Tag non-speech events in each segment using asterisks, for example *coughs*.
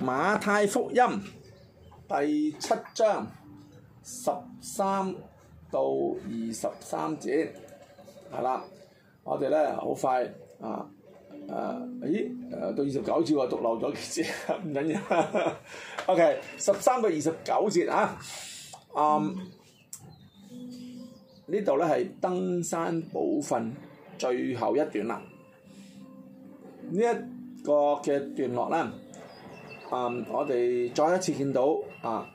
馬太福音第七章十三到二十三節，係啦，我哋咧好快啊啊，咦，誒、啊、到二十九節喎，讀漏咗幾節，唔緊要，OK，十三到二十九節啊，啊，嗯嗯、呢度咧係登山寶訓最後一段啦，呢、這、一個嘅段落咧。嗯，um, 我哋再一次見到啊，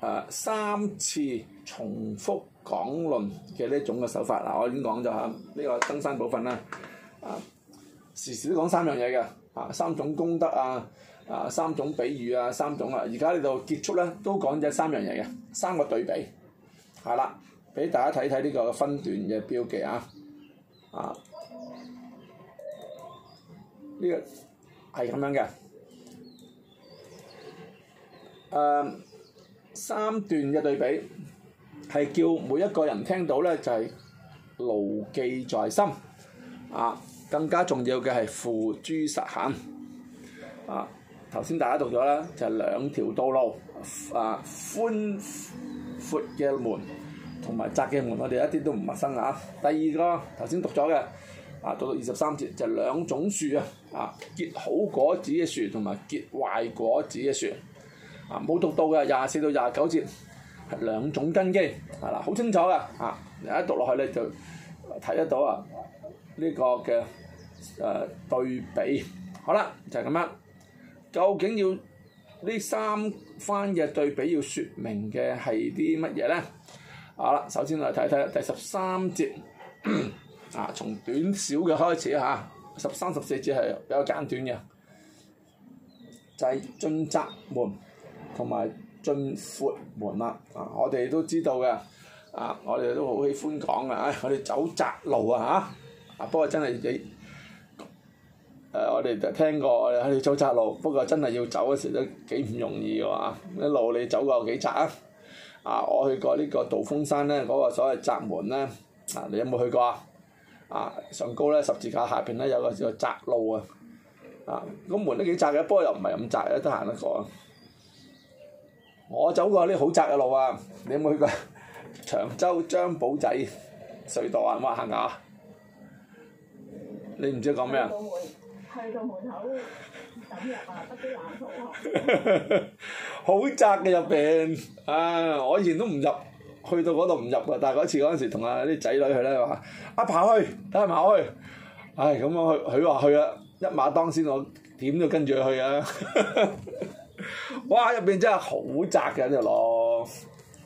誒、啊、三次重複講論嘅呢種嘅手法啊，我已經講咗吓，呢、這個登山部分啦，啊時時都講三樣嘢嘅，啊三種功德啊，啊三種比喻啊，三種啊，而家呢度結束咧，都講咗三樣嘢嘅，三個對比，係啦，俾大家睇睇呢個分段嘅標記啊，啊呢、這個係咁樣嘅。誒、uh, 三段嘅對比係叫每一個人聽到咧就係、是、牢記在心啊！更加重要嘅係付諸實行啊！頭先大家讀咗啦，就係兩條道路啊，寬闊嘅門同埋窄嘅門，我哋一啲都唔陌生啊！第二個頭先讀咗嘅啊，讀到二十三節就係兩、是、種樹啊，啊結好果子嘅樹同埋結壞果子嘅樹。啊！冇讀到嘅廿四到廿九節係兩種根基，係、啊、啦，好清楚嘅啊！一讀落去咧就睇得到啊，呢、這個嘅誒、啊、對比，好啦，就係、是、咁樣。究竟要呢三番嘅對比要説明嘅係啲乜嘢咧？好啦，首先嚟睇睇第十三節啊，從短小嘅開始嚇，十三十四節係比較簡短嘅，就係進窄門。同埋進闊門啦，啊！我哋都知道嘅，啊！我哋都好喜歡講嘅，啊、哎！我哋走窄路啊，嚇！啊！不過真係幾，誒、啊！我哋聽過，我哋走窄路，不過真係要走嗰時都幾唔容易喎、啊，一、啊、路你走過有幾窄啊？啊！我去過個杜呢個道風山咧，嗰、那個所謂窄門咧，啊！你有冇去過啊？啊！上高咧十字架下邊咧有個叫窄路啊，啊！個門都幾窄嘅，不過又唔係咁窄，得行得過。我走過啲好窄嘅路啊！你有冇去過長洲張寶仔隧道啊？唔好行崖，你唔知講咩啊？去到門，去到門口，等入啊！不經難阻啊！好窄嘅入邊啊！我以前都唔入，去到嗰度唔入嘅。但係嗰次嗰陣時同啊啲仔女去咧，話一跑去，睇下，一跑去，唉！咁我去，佢話去啦，一馬當先，我點都跟住去啊！哇！入邊真係好窄嘅呢度，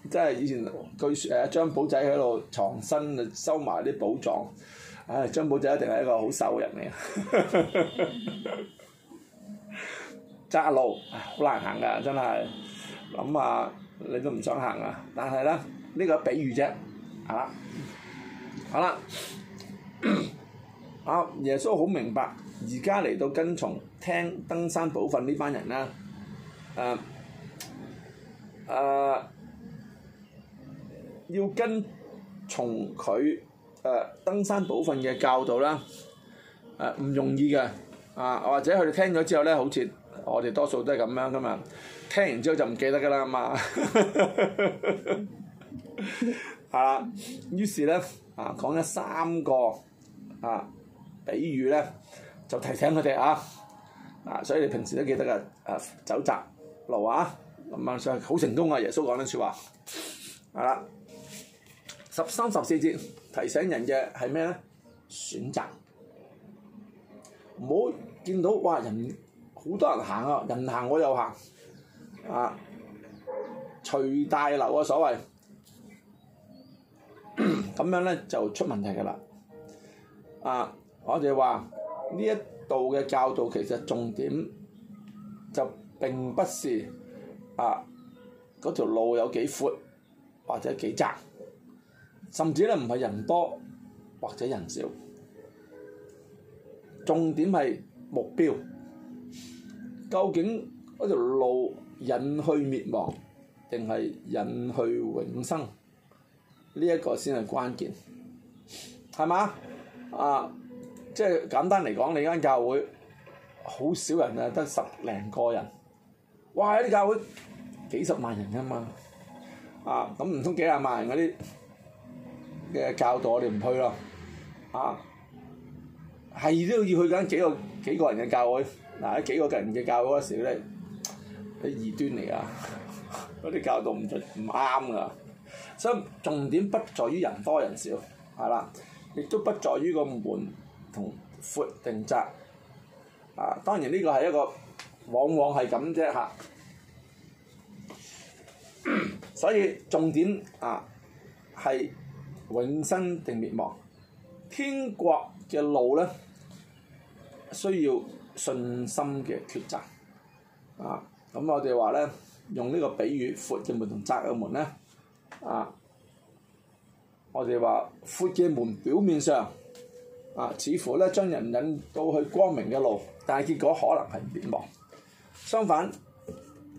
即係以前據說誒張寶仔喺度藏身，收埋啲寶藏。唉、哎，張寶仔一定係一個好瘦嘅人嚟嘅，呵呵 *laughs* 窄路好難行㗎，真係諗下你都唔想行、這個、啊！但係咧呢個比喻啫，係 *laughs* 啦、啊，好啦，啊耶穌好明白，而家嚟到跟從聽登山寶訓呢班人啦。誒誒，uh, uh, 要跟從佢誒、uh, 登山寶訓嘅教導啦，誒、uh, 唔容易嘅，啊、uh, 或者佢哋聽咗之後咧，好似我哋多數都係咁樣噶嘛，聽完之後就唔記得噶啦嘛，係 *laughs* 啦、uh,，於是咧啊講咗三個啊比喻咧，就提醒佢哋啊，啊所以你平時都記得嘅誒走窄啊路啊，咁啊就好成功啊！耶穌講緊説話，係啦，十三十四節提醒人嘅係咩咧？選擇，唔好見到哇人好多人行啊，人行我就行啊，隨大流啊所謂，咁 *coughs* 樣咧就出問題㗎啦。啊，我哋話呢一度嘅教導其實重點就，並不是啊，嗰條路有幾闊，或者幾窄，甚至咧唔係人多或者人少，重點係目標，究竟嗰條路引去滅亡定係引去永生？呢一個先係關鍵係嘛？啊，即係簡單嚟講，你間教會好少人啊，得十零個人。哇！啲教會幾十萬人㗎、啊、嘛，啊咁唔通幾廿萬人嗰啲嘅教導我哋唔去咯，啊係都要去緊幾個幾個人嘅教會，嗱、啊、啲幾個人嘅教會嗰時咧喺、啊、異端嚟啊，嗰啲教導唔準唔啱㗎，所以重點不在於人多人少，係啦，亦都不在於個門同闊定窄，啊當然呢個係一個。往往係咁啫吓，所以重點啊係永生定滅亡。天國嘅路咧需要信心嘅抉擇。啊，咁我哋話咧用呢個比喻，闊嘅門同窄嘅門咧，啊，我哋話闊嘅門表面上啊，似乎咧將人引到去光明嘅路，但係結果可能係滅亡。相反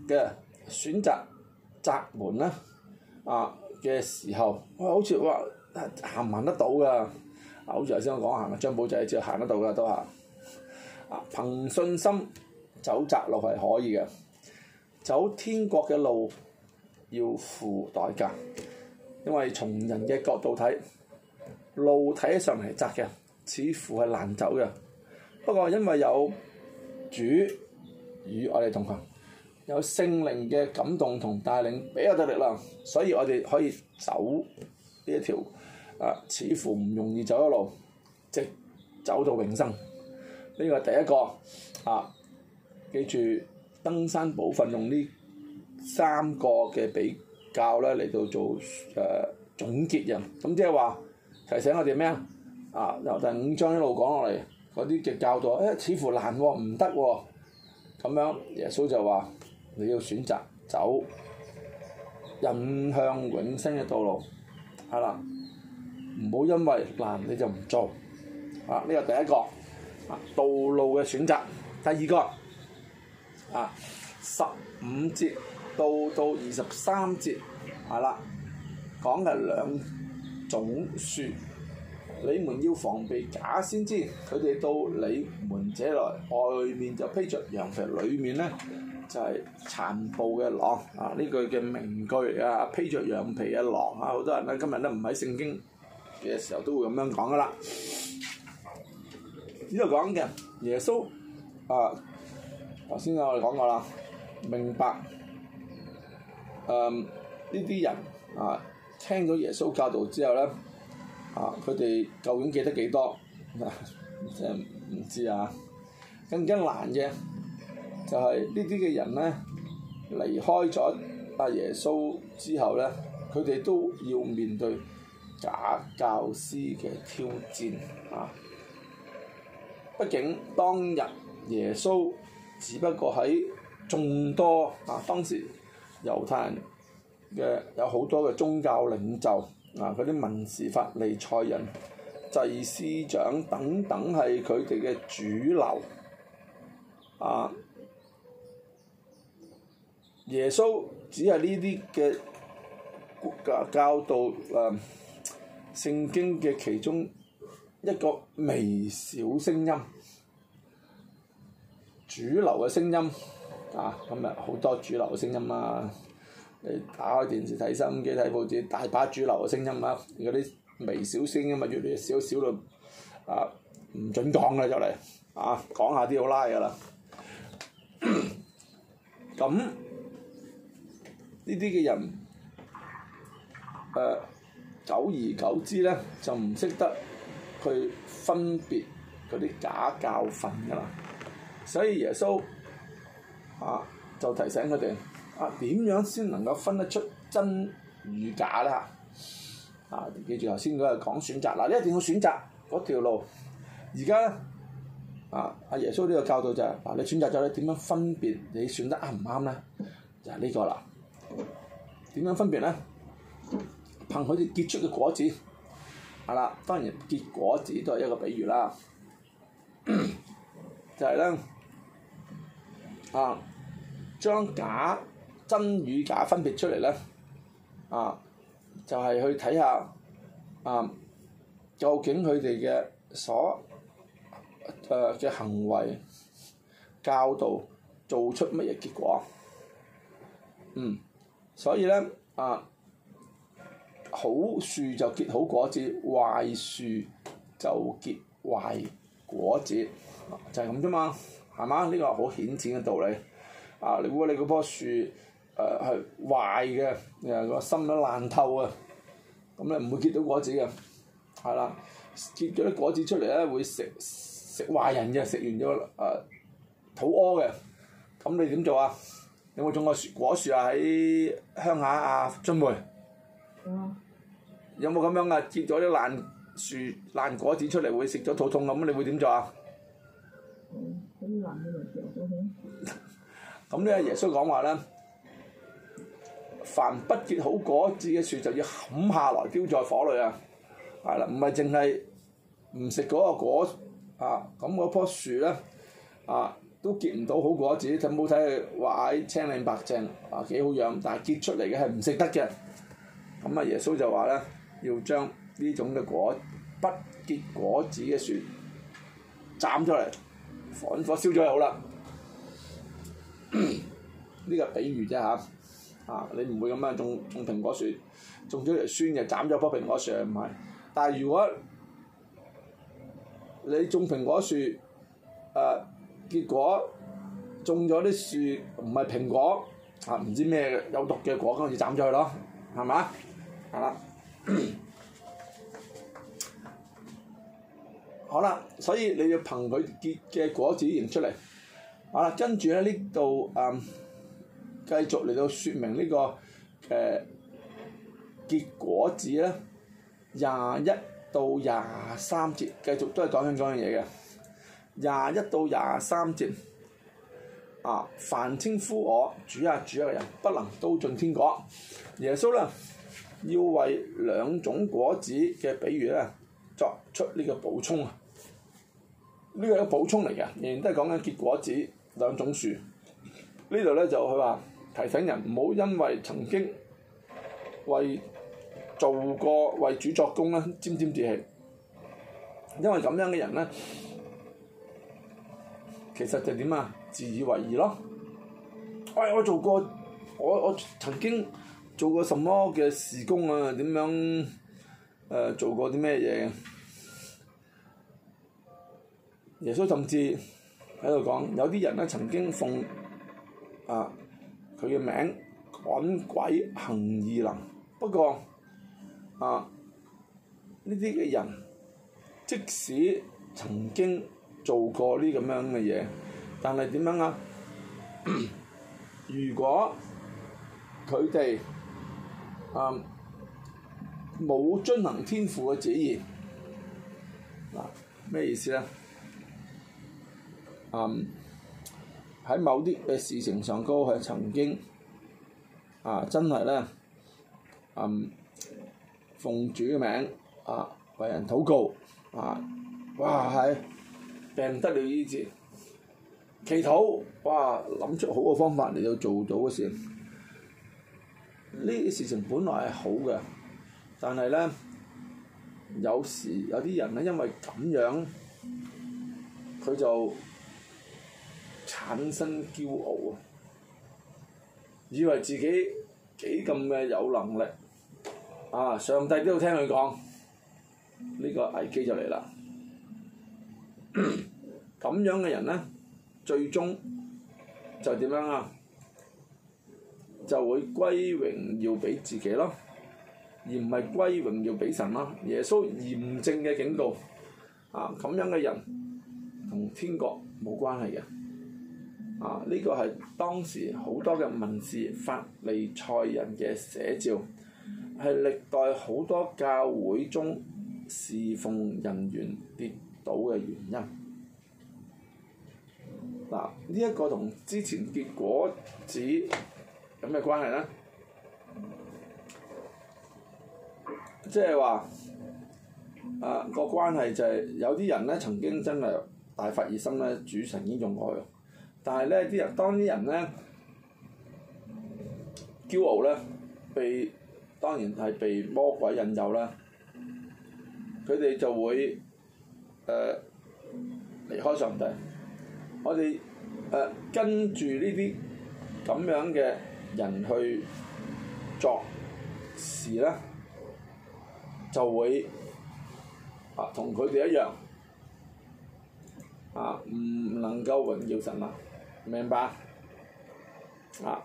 嘅選擇窄門啦，啊嘅時候，哎、好似話行唔行得到噶，啊好似頭先我講行張寶仔，只要行得到噶都嚇，啊憑信心走窄路係可以嘅，走天國嘅路要付代價，因為從人嘅角度睇，路睇上嚟窄嘅，似乎係難走嘅，不過因為有主。與我哋同行，有聖靈嘅感動同帶領比較得力啦，所以我哋可以走呢一條啊，似乎唔容易走一路，即走到永生。呢個係第一個啊，記住登山寶訓用呢三個嘅比較咧嚟到做誒、啊、總結人。咁即係話提醒我哋咩啊？啊由第五章一路講落嚟嗰啲嘅教導，誒、哎、似乎難喎、啊，唔得喎。咁樣耶穌就話：你要選擇走引向永生嘅道路，係啦，唔好因為難你就唔做。啊，呢個第一個啊，道路嘅選擇。第二個啊，十五節到到二十三節，係啦，講嘅兩種樹。你們要防備假先知，佢哋到你們這來，外面就披着羊皮，裡面咧就係、是、殘暴嘅狼。啊，呢句嘅名句啊，披着羊皮嘅狼啊，好多人咧今日都唔喺聖經嘅時候都會咁樣講噶啦。呢度講嘅耶穌，啊，頭先我哋講過啦，明白。誒、嗯，呢啲人啊，聽咗耶穌教導之後咧。啊！佢哋究竟記得幾多？嗱、啊，真係唔知啊！更加難嘅就係、是、呢啲嘅人咧，離開咗阿耶穌之後咧，佢哋都要面對假教師嘅挑戰啊！畢竟當日耶穌只不過喺眾多啊當時猶太人嘅有好多嘅宗教領袖。嗱，嗰啲文士、法利賽人、祭司長等等係佢哋嘅主流。啊！耶穌只係呢啲嘅教教導啊聖經嘅其中一個微小聲音，主流嘅聲音。啊，今日好多主流嘅聲音啊！你打開電視睇收音機睇報紙，大把主流嘅聲音啊，嗰啲微小聲音啊嘛，越嚟越少少到啊，唔準講啦出嚟，啊講下啲好拉噶啦，咁呢啲嘅人，誒、呃、久而久之咧就唔識得去分別嗰啲假教訓噶啦，所以耶穌啊就提醒佢哋。啊，點樣先能夠分得出真與假咧？嚇！啊，記住頭先佢係講選擇，嗱、啊，你一定要選擇嗰條路。而家咧，啊，阿耶穌呢個教導就係、是，嗱、啊，你選擇咗，你點樣分別你選得啱唔啱咧？就係、是、呢個啦。點樣分別咧？憑佢哋結出嘅果子，係、啊、啦，當然結果子都係一個比喻啦。就係咧，啊，將、就、假、是。啊真與假分別出嚟咧，啊，就係、是、去睇下啊，究竟佢哋嘅所誒嘅、呃、行為教導做出乜嘢結果？嗯，所以咧啊，好樹就結好果子，壞樹就結壞果子，就係咁啫嘛，係嘛？呢、這個好顯淺嘅道理，啊，你估你嗰棵樹，誒係壞嘅，誒個心都爛透啊！咁咧，唔會結到果子嘅，係啦，結咗啲果子出嚟咧會食食壞人嘅，食完咗誒、啊、肚屙嘅。咁你點做啊？有冇種過樹果樹啊？喺鄉下啊，春梅。嗯、有冇咁樣啊？結咗啲爛樹爛果子出嚟，會食咗肚痛咁，你會點做啊？哦、嗯，咁爛嘅就掉咗佢。咁咧，耶穌講話咧。凡不結好果子嘅樹，就要砍下來丟在火裏啊！係啦，唔係淨係唔食嗰個果啊，咁嗰棵樹咧啊，都結唔到好果子。咁好睇係歪青靚白淨啊，幾好樣，但係結出嚟嘅係唔食得嘅。咁啊，耶穌就話咧，要將呢種嘅果不結果子嘅樹斬出嚟，焚火燒咗就好啦。呢的 *coughs* 個比喻啫吓。啊啊！你唔會咁樣，種種蘋果樹，種咗嚟酸嘅，斬咗棵蘋果樹。唔係。但係如果你種蘋果樹，誒、啊、結果種咗啲樹唔係蘋果，嚇、啊、唔知咩有毒嘅果，跟住就斬咗佢咯，係咪啊？係啦， *coughs* 好啦，所以你要憑佢結嘅果子認出嚟。好啦，跟住咧呢度誒。繼續嚟到說明呢、這個嘅、呃、結果子咧，廿一到廿三節繼續都係講緊講緊嘢嘅，廿一到廿三節啊，凡稱呼我主啊主嘅、啊啊、人，不能都進天國。耶穌咧要為兩種果子嘅比喻咧作出呢個補充啊，呢個係一個補充嚟嘅，仍然都係講緊結果子兩種樹。呢度咧就佢話。提醒人唔好因為曾經為做過為主作工咧，沾沾自喜。因為咁樣嘅人咧，其實就係點啊？自以為義咯。喂，哎，我做過，我我曾經做過什麼嘅事工啊？點樣誒、呃、做過啲咩嘢？耶穌甚至喺度講，有啲人咧曾經奉啊～佢嘅名趕鬼、行異能，不過啊，呢啲嘅人即使曾經做過呢咁樣嘅嘢，但係點樣啊？ *coughs* 如果佢哋啊冇遵行天父嘅旨意，嗱、啊、咩意思咧？啊！喺某啲嘅事情上高，佢係曾經啊，真係咧，嗯，奉主嘅名啊，為人禱告啊，哇係，病得了醫治，祈禱，哇，諗出好嘅方法嚟到做到嘅事，呢啲事情本來係好嘅，但係咧，有時有啲人咧，因為咁樣，佢就～產生驕傲啊！以為自己幾咁嘅有能力啊！上帝都要聽佢講，呢個危機就嚟啦！咁 *coughs* 樣嘅人咧，最終就點樣啊？就會歸榮耀俾自己咯，而唔係歸榮耀俾神咯。耶穌嚴正嘅警告啊！咁樣嘅人同天國冇關係嘅。啊！呢、這個係當時好多嘅文士法利賽人嘅寫照，係歷代好多教會中侍奉人員跌倒嘅原因。嗱、啊，呢、這、一個同之前結果子有咩關係呢？即係話啊，這個關係就係、是、有啲人咧曾經真係大發熱心呢主神陳呢種愛。但係咧，啲人當啲人咧驕傲咧，被當然係被魔鬼引誘啦，佢哋就會誒、呃、離開上帝。我哋誒、呃、跟住呢啲咁樣嘅人去作事咧，就會啊同佢哋一樣啊，唔、呃、能夠榮耀神啊！明白啊！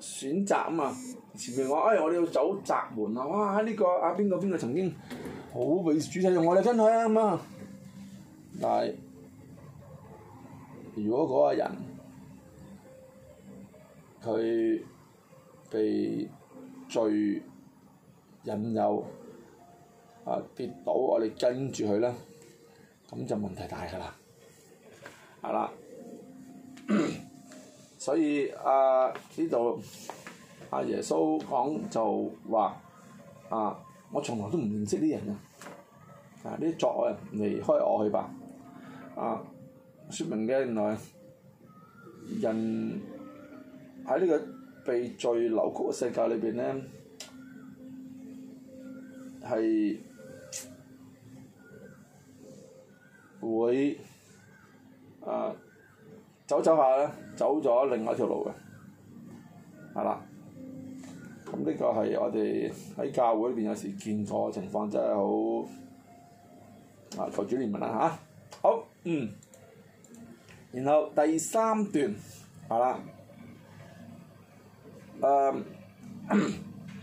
選擇啊嘛，前面講誒、哎，我哋要走窄門啊！哇，呢、這個啊邊個邊個曾經好偉主席，用我哋跟佢啊咁啊！但係如果嗰個人佢被罪引誘啊跌倒，我哋跟住佢啦，咁就問題大噶啦，係、啊、啦。 *coughs* 所以啊，呢度阿耶穌講就話啊，我從來都唔認識啲人啊，啊啲作惡人離開我去吧，啊，説明嘅原來人喺呢個被罪扭曲嘅世界裏邊咧，係會啊～走走下咧，走咗另外一條路嘅，係啦。咁呢個係我哋喺教會裏邊有時見過嘅情況，真係好啊！求主憐憫啦嚇。好，嗯。然後第三段係啦，誒、嗯、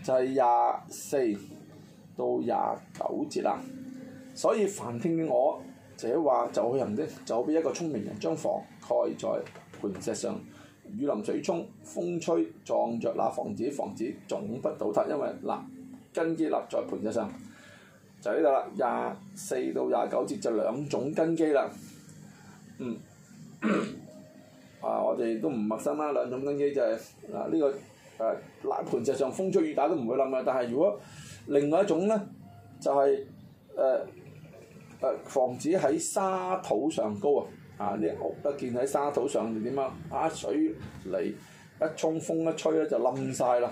*coughs* 就係廿四到廿九節啦。所以凡聽見我。這話就好人啲，就好比一個聰明人將房蓋在盤石上，雨淋水沖，風吹撞着那房子，房子總不倒塌，因為立根基立在盤石上。就呢度啦，廿四到廿九節就兩種根基啦。嗯， *coughs* 啊，我哋都唔陌生啦，兩種根基就係嗱呢個誒，立、啊、盤石上風吹雨打都唔會冧嘅。但係如果另外一種咧，就係、是、誒。啊防止喺沙土上高啊！啊，啲屋一建喺沙土上，點啊？水嚟一衝，風一吹咧就冧晒咯。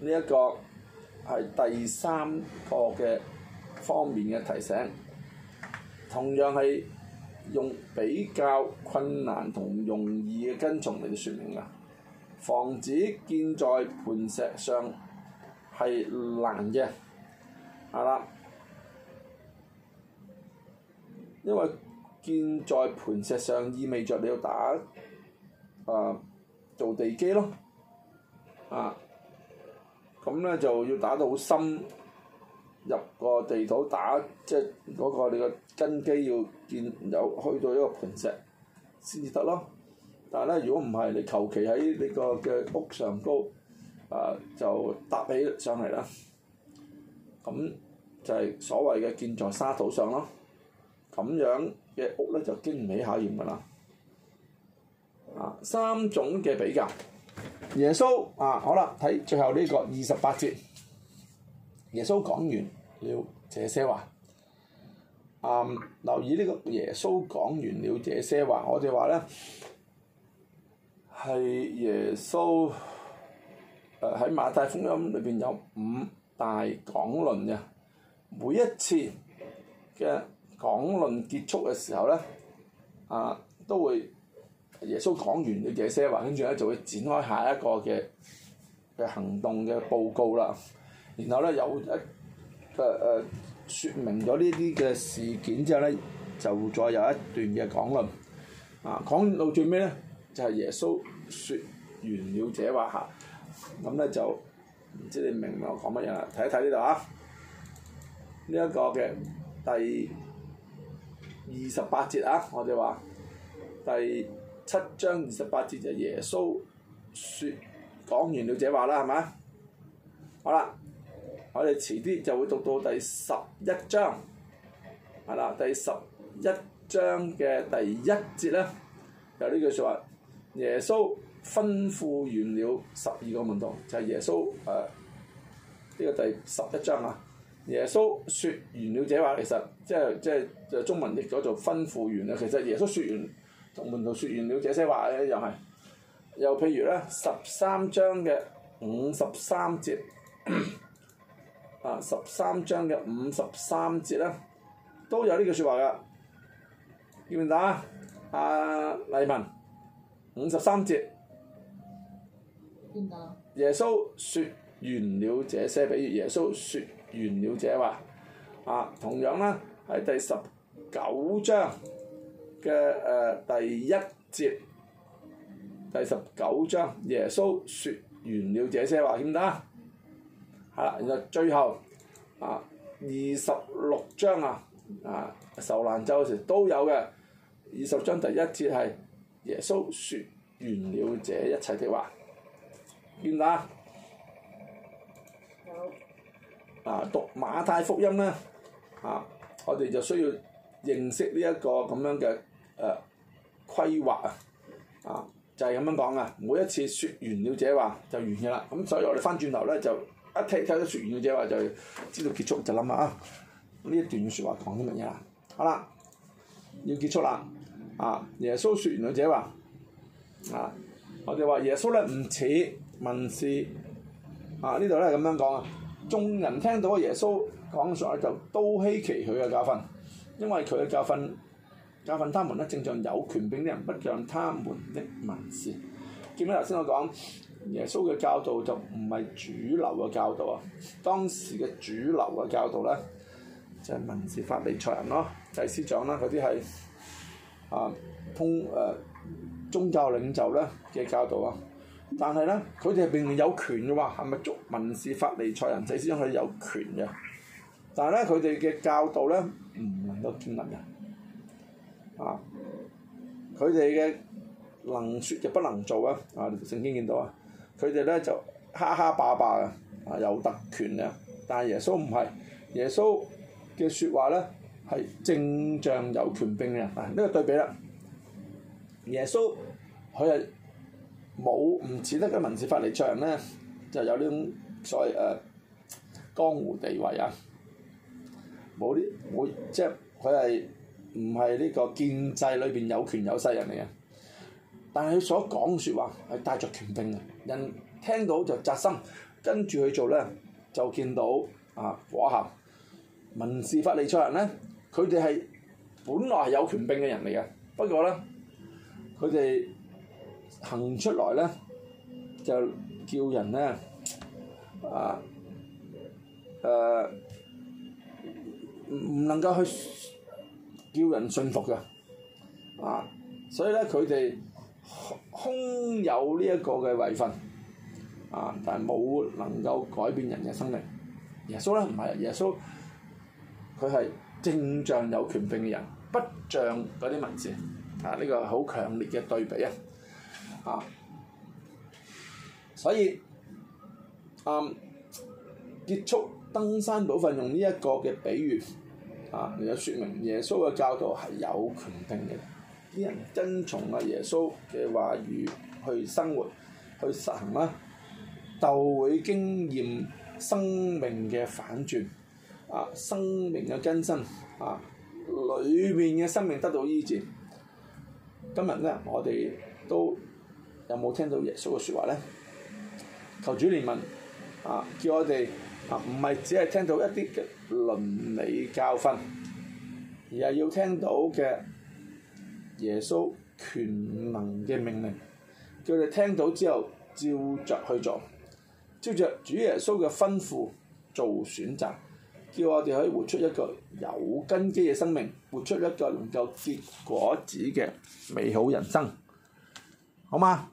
呢一個係第三個嘅方面嘅提醒，同樣係用比較困難同容易嘅跟從嚟嘅說明㗎。防止建在盤石上係難嘅，係、啊、啦。因為建在磐石上，意味着你要打啊、呃、做地基咯，啊，咁咧就要打到好深入個地土，打即係嗰、那個你個根基要建有去到一個磐石先至得咯。但係咧，如果唔係你求其喺呢個嘅屋上高啊、呃，就搭起上嚟啦。咁就係所謂嘅建在沙土上咯。咁樣嘅屋咧就經唔起考驗㗎啦！啊，三種嘅比較，耶穌啊，好啦，睇最後呢個二十八節，耶穌講完了這些話。啊、嗯，留意呢個耶穌講完了這些話，我哋話咧係耶穌，誒、呃、喺馬太福音裏邊有五大講論嘅，每一次嘅。講論結束嘅時候咧，啊都會耶穌講完這些話，跟住咧就會展開下一個嘅嘅行動嘅報告啦。然後咧有一誒誒説明咗呢啲嘅事件之後咧，就再有一段嘅講論。啊講到最尾咧，就係、是、耶穌説完了這話嚇，咁咧就唔知你明唔明我講乜嘢啦？睇一睇呢度啊，呢、這、一個嘅第。二十八節啊，我哋話第七章二十八節就耶穌説講完了這話啦，係咪？好啦，我哋遲啲就會讀到第十一章，係啦，第十一章嘅第一節咧，就呢、是、句説話，耶穌吩咐完了十二個門徒，就係、是、耶穌誒呢個第十一章啊。耶穌説完了這話，其實即係即係就中文譯咗做吩咐完啦。其實耶穌説完同門徒説完了這些話咧，又係又譬如咧十三章嘅五十三節啊，十三章嘅五十三節咧都有呢句説話噶。見唔見啊？阿黎文五十三節。耶穌説完了這些，比如耶穌説完了這話，啊，同樣咧喺第十九章嘅誒、呃、第一節，第十九章耶穌說完了這些話，欠打。係啦，然後最後啊，二十六章啊，啊受難周嘅時都有嘅，二十章第一節係耶穌說完了這一切的話，欠打。啊，讀馬太福音咧，啊，我哋就需要認識呢、這、一個咁樣嘅誒規劃啊，啊，就係、是、咁樣講噶。每一次説完了者話就完嘅啦，咁、啊、所以我哋翻轉頭咧就一聽聽到説完了者話，就知道結束，就諗下啊，呢一段説話講啲乜嘢啦？好啦，要結束啦，啊，耶穌説完了者話，啊，我哋話耶穌咧唔似文士。」啊呢度咧係咁樣講啊。眾人聽到耶穌講述，就都稀奇佢嘅教訓，因為佢嘅教訓教訓他們咧，正像有權柄啲人，不像他們的文士。見到頭先我講耶穌嘅教導就唔係主流嘅教導啊，當時嘅主流嘅教導咧就係文士法利賽人咯，祭司長啦嗰啲係啊通誒、呃、宗教領袖咧嘅教導啊。但係咧，佢哋並唔有權嘅喎，係咪捉文士法利賽人仔先可以有權嘅？但係咧，佢哋嘅教導咧唔能夠建立嘅，啊！佢哋嘅能説就不能做啊！啊，聖經見到啊，佢哋咧就哈哈霸霸嘅，啊有特權啊，但係耶穌唔係，耶穌嘅説話咧係正像有權柄嘅，啊呢、這個對比啦，耶穌佢係。冇唔似得嘅文士法利賽人咧，就有呢種所謂誒江湖地位啊！冇啲冇，即係佢係唔係呢個建制裏邊有權有勢人嚟嘅？但係佢所講嘅説話係帶著權柄嘅，人聽到就扎心，跟住去做咧就見到啊火候！文士法利賽人咧，佢哋係本來係有權柄嘅人嚟嘅，不過咧佢哋。行出來咧，就叫人咧啊，誒、呃、唔、呃、唔能夠去叫人信服嘅啊，所以咧佢哋空有呢一個嘅遺訓啊，但係冇能夠改變人嘅生命。耶穌咧唔係耶穌，佢係正像有權柄嘅人，不像嗰啲文字啊！呢、這個好強烈嘅對比啊！啊！所以啊、嗯，結束登山部分，用呢一個嘅比喻啊，嚟到説明耶穌嘅教導係有權定嘅，啲人跟從啊耶穌嘅話語去生活，去實行啦、啊，就會經驗生命嘅反轉啊，生命嘅更新啊，裏面嘅生命得到醫治。今日咧，我哋都～有冇聽到耶穌嘅説話咧？求主憐憫，啊，叫我哋啊，唔係只係聽到一啲嘅倫理教訓，而係要聽到嘅耶穌權能嘅命令，叫我哋聽到之後照着去做，照着主耶穌嘅吩咐做選擇，叫我哋可以活出一個有根基嘅生命，活出一個能夠結果子嘅美好人生，好嗎？